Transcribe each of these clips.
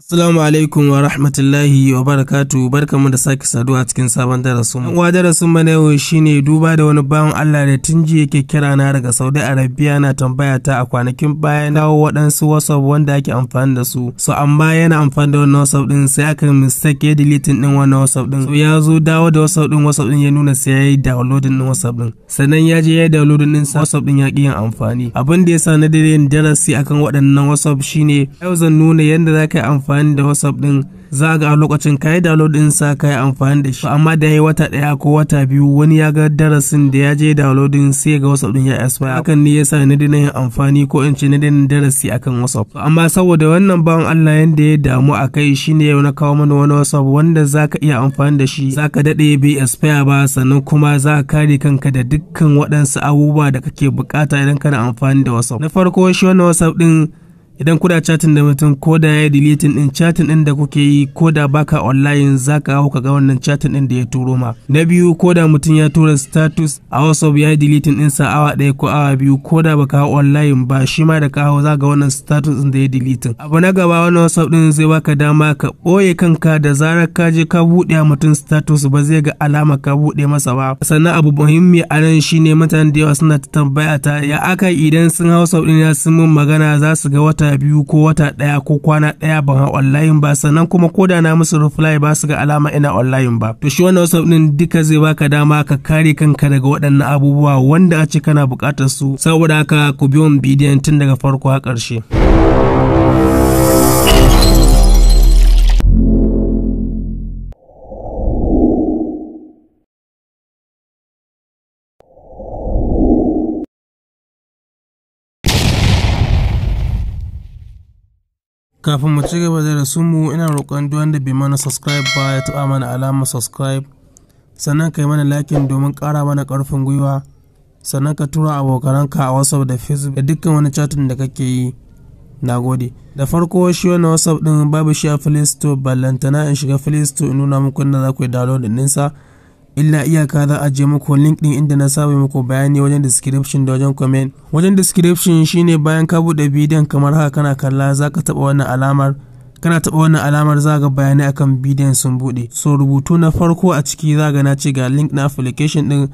Assalamu alaikum wa rahmatullahi wa barakatu barkamu da sake saduwa a cikin sabon darasin. Uwa darasin mana yau shine duba da wani bawan Allah da tun jiya yake kira na daga Saudi Arabia na tambaya ta a kwanakin baya dawo waɗansu WhatsApp wanda ake amfani da su. So amma yana amfani da wannan WhatsApp din sai aka mistake ya deleting din wannan WhatsApp din. So ya zo dawo da WhatsApp din WhatsApp din ya nuna sai ya yi downloading din WhatsApp din. Sannan ya je ya yi downloading din WhatsApp din ya ƙi yin amfani. Abin da ya sa na dare darasi akan waɗannan WhatsApp shine yau zan nuna yadda za ka yi amfani amfani da whatsapp din za ga a lokacin ka yi download din sa ka yi amfani da shi amma da ya yi wata daya ko wata biyu wani ya ga darasin da ya je download sai ga whatsapp din ya expire hakan ne yasa na dina yin amfani ko in ce na dina darasi akan whatsapp amma saboda wannan bawan Allah yanda ya damu a kai shine yau na kawo mana wani whatsapp wanda za ka iya amfani da shi za ka dade bai expire ba sannan kuma za ka kare kanka da dukkan waɗansu abubuwa da kake bukata idan kana amfani da whatsapp na farko shi wannan whatsapp din idan kuna chatin da mutum ko da ya deleting din chatin din da kuke yi ko da baka online za ka hau kaga wannan chatin din da ya turo ma na biyu ko da mutum ya tura status a whatsapp ya deleting din sa awa daya ko awa biyu ko da baka hau online ba shi ma da ka hau ga wannan status din da ya deleting abu na gaba wannan whatsapp din zai baka dama ka ɓoye kanka da zarar ka je ka buɗe mutum status ba zai ga alama ka buɗe masa ba sannan abu muhimmi a nan shine mutane da yawa suna ta tambaya ta ya aka idan sun hau sau ɗin sun mun magana za su ga wata wata biyu ko wata ɗaya ko kwana ɗaya ban hau online ba sannan kuma ko da na musu reply ba su ga alama ina online ba to shi wannan WhatsApp din duka zai baka dama ka kare kanka daga waɗannan abubuwa wanda a ce kana buƙatar su saboda haka ku biyo bidiyon tun daga farko har ƙarshe. kafin mu ci gaba da mu ina roƙon duk wanda bai mana subscribe ba ya taɓa mana alamar subscribe sannan ka yi mana lakin domin ƙara mana ƙarfin gwiwa sannan ka tura abokananka a whatsapp da facebook da dukkan wani chatin da kake yi na gode da farko shi wani whatsapp din babu shi a play store ballantana in shiga play in nuna muku inda za ku yi download ɗinsa illa iyaka za a je muku link din inda na saba muku bayani wajen description da wajen comment wajen description shine bayan ka bude bidiyon kamar haka kana kalla za ka taba wannan alamar kana taba wannan alamar zaga bayanai akan bidiyon sun buɗe so rubutu na farko a ciki za zaga na ce ga link na application ɗin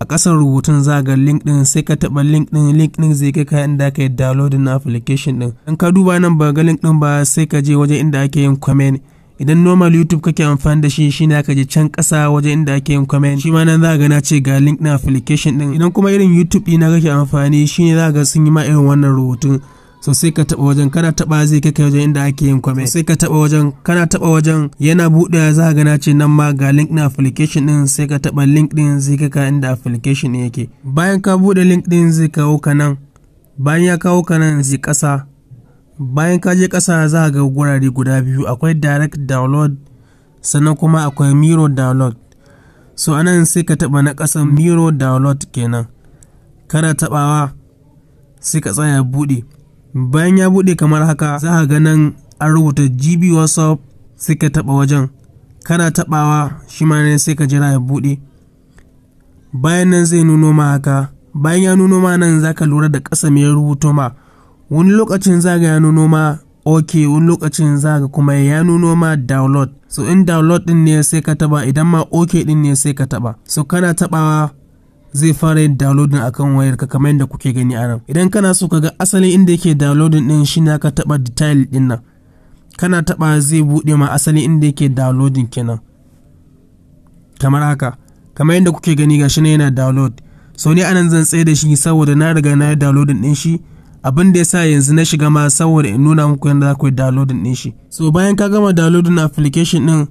a ƙasar rubutun za ga link ɗin sai ka taɓa link ɗin link ɗin zai kai ka inda ka yi downloading na application ɗin in ka duba nan ba ga link ɗin ba sai ka je wajen inda ake yin comment idan normal youtube kake amfani da shi shine aka je can kasa waje inda ake yin comment shi ma nan za ga na ce ga link na application din idan kuma irin youtube ɗina kake amfani shine za ga sun yi ma irin wannan rubutun so sai ka taba wajen kana taba zai kai wajen inda ake yin comment sai ka taba wajen kana taba wajen yana buɗe za ga na ce nan ma ga link na application din sai ka taba link din zai kai ka inda application yake bayan ka buɗe link din zai kawo ka nan bayan ya kawo ka nan zai kasa bayan ka je ƙasa za ga gurare guda biyu akwai direct download sannan kuma akwai miro download so anan sai ka taɓa na kasa miro download kenan kana tabawa sai ka tsaya bude bayan ya bude kamar haka za ga nan an rubuta gb whatsapp sai ka taɓa wajen kana tabawa shi ma ne sai ka jira ya bude bayan nan zai nuno ma haka bayan ya nuno ma nan za ka lura da kasa mai rubuto ma wani lokacin zaga ya nuno ma ok wani lokacin zaga kuma ya nuno ma download so in download din ne sai ka taba idan ma ok din ne sai ka taba so kana tabawa zai fara yin downloadin akan wayar ka kamar yadda kuke gani a nan idan kana so ka ga asalin inda yake downloadin din shi ka taba detail din nan kana taba zai bude ma asalin inda yake downloading kenan kamar haka kamar yadda kuke gani gashi ne yana download so ni anan zan tsaye da shi saboda na riga na yi downloadin din shi abin da yasa yanzu na shiga ma saboda in nuna muku yadda za ku yi downloading ɗin shi so bayan ka gama downloading application din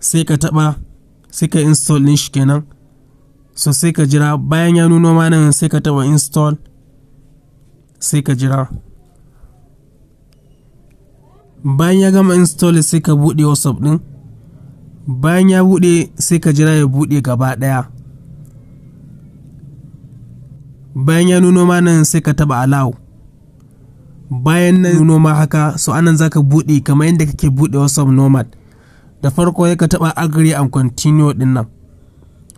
sai ka taɓa sai ka install din shi kenan so sai ka jira bayan ya nuno ma nan sai ka taɓa install sai ka jira bayan ya gama install sai ka bude whatsapp ɗin bayan ya bude sai ka jira ya bude gaba daya bayan ya nuno ma nan sai ka taba allow bayan nan noma haka so anan zaka buɗe kamar yadda kake buɗe wasu nomad da farko ka taɓa agree and continue din nan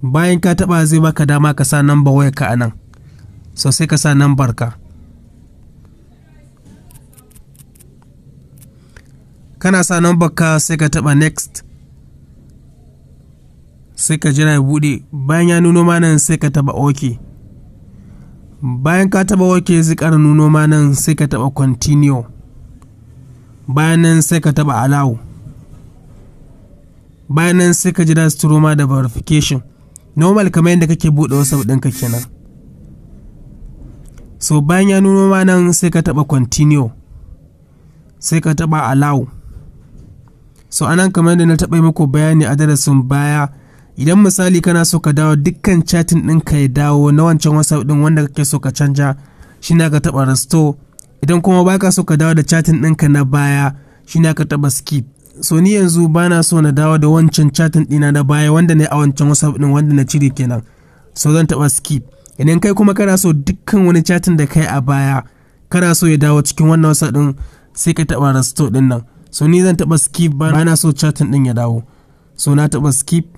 bayan ka taɓa zai baka dama ka sa number waya ka anan so sai ka sa number ka kana sa number ka sai ka taɓa next sai ka jira ya buɗe. bayan ya nuno ma nan sai ka taɓa okay bayan ka taba wake zikar nuno ma nan sai ka taba continue bayan nan sai ka taba allow bayan nan sai ka jira su ma da verification normal kamar yadda kake bude wasu ɗinka kenan so bayan ya nuno ma nan sai ka taba continue sai ka taba allow so anan kamar da na taɓa muku bayani a darasin baya idan misali kana so ka dawo dukkan chatin ɗinka ya dawo na wancan whatsapp ɗin wanda kake so ka canja shi na ka taɓa restore idan kuma baka so ka dawo da chatin ɗinka na baya shi na ka taɓa skip so ni yanzu bana so na dawo da wancan chatin ɗina na baya wanda ne a wancan whatsapp ɗin wanda na cire kenan so zan taɓa skip idan kai kuma kana so dukkan wani chatin da kai a baya kana so ya dawo cikin wannan whatsapp ɗin sai ka taɓa restore ɗin nan so ni zan taɓa skip bana so chatin ɗin ya dawo so na taɓa skip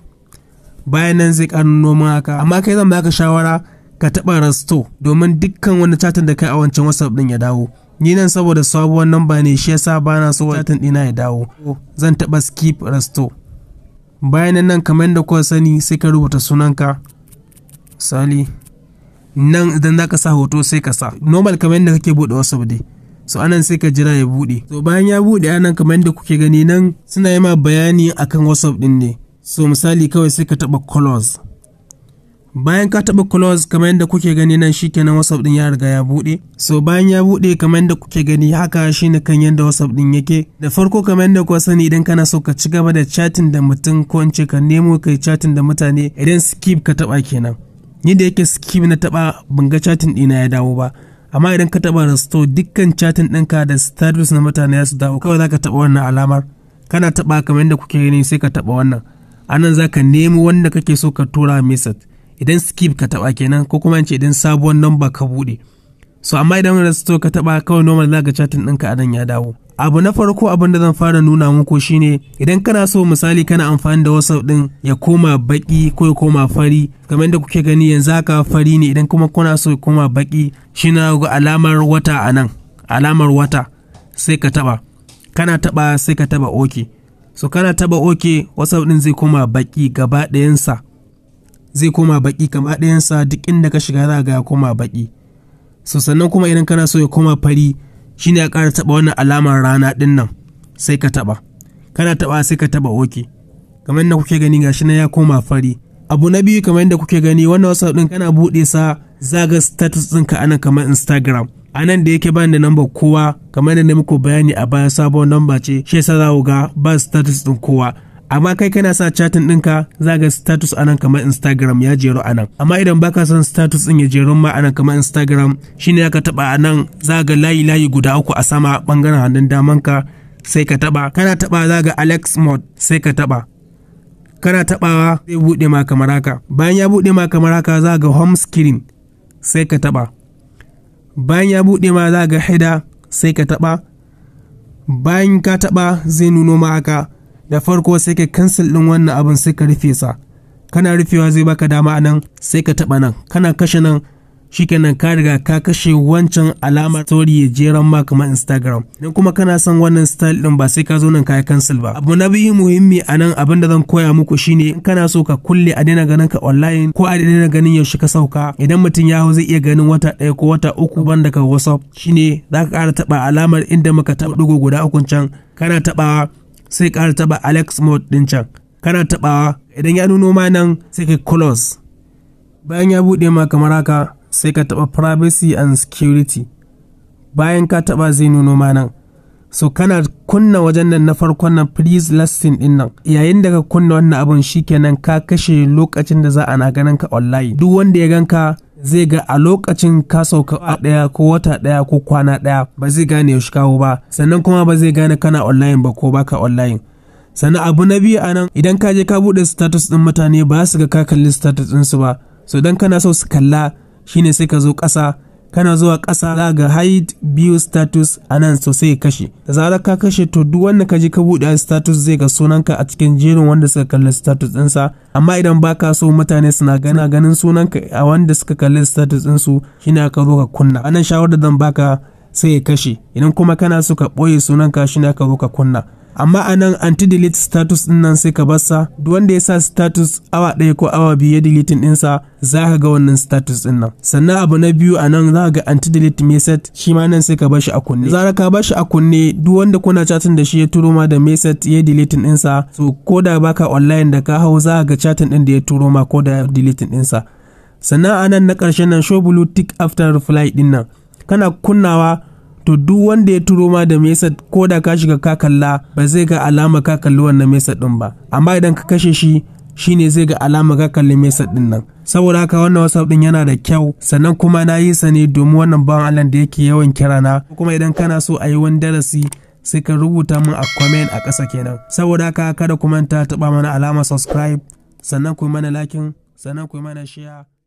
bayan nan zai ƙarin noman haka amma kai zan baka shawara ka taba rasto domin dukkan wani chatin da kai a wancan whatsapp ɗin ya dawo ni nan saboda sabuwar namba ne shi yasa bana so chatin dina ya dawo zan taɓa skip rasto bayan nan kamar da kuka sani sai ka rubuta sunanka sali nan idan za sa hoto sai ka sa normal kamar yadda kake buɗe wasu dai so anan sai ka jira ya buɗe to bayan ya buɗe anan kamar da kuke gani nan suna yi ma bayani akan whatsapp ɗin ne so misali kawai sai ka taɓa close bayan ka taɓa close kamar yadda kuke gani nan shikenan whatsapp din ya riga ya buɗe so bayan ya buɗe kamar yadda kuke gani haka shine kan yadda whatsapp din yake da farko kamar yadda kuka sani idan kana so ka ci gaba da chatting da mutum ko in ce ka nemo kai chatting da mutane idan skip ka taɓa kenan ni da yake skip na taɓa ban ga chatting dina ya dawo ba amma idan ka taɓa restore dukkan chatting ɗinka da status na mutane ya su dawo kawai za ka taɓa wannan alamar kana taɓa kamar yadda kuke gani sai ka taɓa wannan anan za ka nemi wanda kake so ka tura message idan skip ka taba kenan ko kuma ce idan sabuwar namba ka bude so amma idan wanda so ka taba kawai normal za ka chatin ɗinka anan ya dawo abu na farko abin da zan fara nuna muku shine idan kana so misali kana amfani da whatsapp din ya koma baki ko ya koma fari kamar da kuke gani yanzu haka fari ne idan kuma kuna so ya koma baki shi na ga alamar wata anan alamar wata sai ka taba kana taba sai ka taba oke okay. so kana taba oke wasau din zai koma baki gaba ɗayansa zai koma baki gaba ɗayansa duk inda ka shiga za ga ya koma baki so sannan kuma idan kana so ya koma fari shine ya ƙara taba wannan alamar rana din nan sai ka taba kana taba sai ka taba oke kamar yadda kuke gani gashi na ya koma fari abu na biyu kamar yadda kuke gani wannan wasau din kana buɗe sa zaga status ɗinka anan kamar instagram a nan da yake bani da namba kowa kamar da na muku bayani a baya sabon namba ce shi yasa za ga ba status din kowa amma kai kana sa chatin ɗinka za ga status a nan kamar instagram ya jero a nan. amma idan baka son status din ya jeru ma nan kamar instagram shine aka taba nan za ga layi layi guda uku a sama bangaren hannun daman ka sai ka taba kana taba za ga alex mode sai ka taba kana tabawa zai bude ma kamar haka bayan ya bude ma kamar haka za ga home screen sai ka taba bayan ya buɗe ma za ga haida sai ka taɓa bayan ka taɓa zai nuno ma da farko sai ka cancel ɗin wannan abin sai ka rufe sa kana rufewa zai baka dama anan nan sai ka taɓa nan kana kashe nan shikenan ka riga ka kashe wancan alamar story ya jera ma kamar instagram idan kuma kana son wannan style din ba sai ka zo nan kai cancel ba abu na biyu muhimmi a nan abin da zan koya muku shine in kana so ka kulle a daina ganin ka online ko a daina ganin yaushe ka sauka idan mutum ya zai iya ganin wata ɗaya ko wata uku banda ka whatsapp shine za ka ƙara taɓa alamar inda muka taɓa ɗigo guda uku can kana taɓawa sai ƙara taɓa alex mode ɗin can kana taɓawa idan ya nuno ma nan sai ka close bayan ya buɗe ma kamar haka sai ka taɓa privacy and security bayan ka taɓa zai nuno ma nan so kana kunna wajen nan na farkon nan please listen din nan yayin da ka kunna wannan abun shikenan ka kashe lokacin da za a na ganin ka online duk wanda ya ganka zai ga a lokacin ka sauka a daya ko wata ɗaya ko kwana ɗaya ba zai gane ya kawo ba sannan kuma ba zai gane kana online ba ko baka online sannan abu na biyu anan idan ka je ka buɗe status ɗin mutane ba su ga ka kalli status su ba so idan kana so su kalla shine sai ka zo ƙasa kana zuwa ƙasa za ga hide biyu status a nan sosai sai kashe da zarar ka kashe to duk wanda ka je ka buɗe status zai ga sunanka a cikin jerin wanda suka kalli status ɗinsa amma idan ba ka so mutane suna gana ganin sunanka a wanda suka kalli status ɗinsu shine aka zo ka kunna anan shawarar da zan baka sai ya kashe idan kuma kana so ka ɓoye sunanka shine aka zo ka kunna amma anan anti delete status din nan sai ka barsa duk wanda ya sa status awa ɗaya ko awa biyu ya deleting ɗinsa za ka ga wannan status din nan sannan abu na biyu a nan za ka ga anti delete message shi ma nan sai ka bashi a kunne zara ka bashi a kunne duk wanda kuna chatting da shi ya turo ma da message ya deleting ɗinsa so ko da baka online da ka hau za ka ga chatting din da ya turo ma ko da deleting ɗinsa sannan anan na ƙarshen nan show blue tick after reply ɗin nan kana kunnawa to duk wanda ya turo ma da mesa ko da ka shiga ka kalla ba zai ga alama ka kalli wannan mesa din ba amma idan ka kashe shi shine zai ga alama ka kalli mesa din nan saboda haka wannan whatsapp din yana da kyau sannan kuma na yi sa ne domin wannan ban Allah da yake yawan kira na kuma idan kana so a yi wani darasi sai ka rubuta min a comment a kasa kenan saboda haka kada ku manta taba mana alama subscribe sannan ku mana lakin sannan ku mana share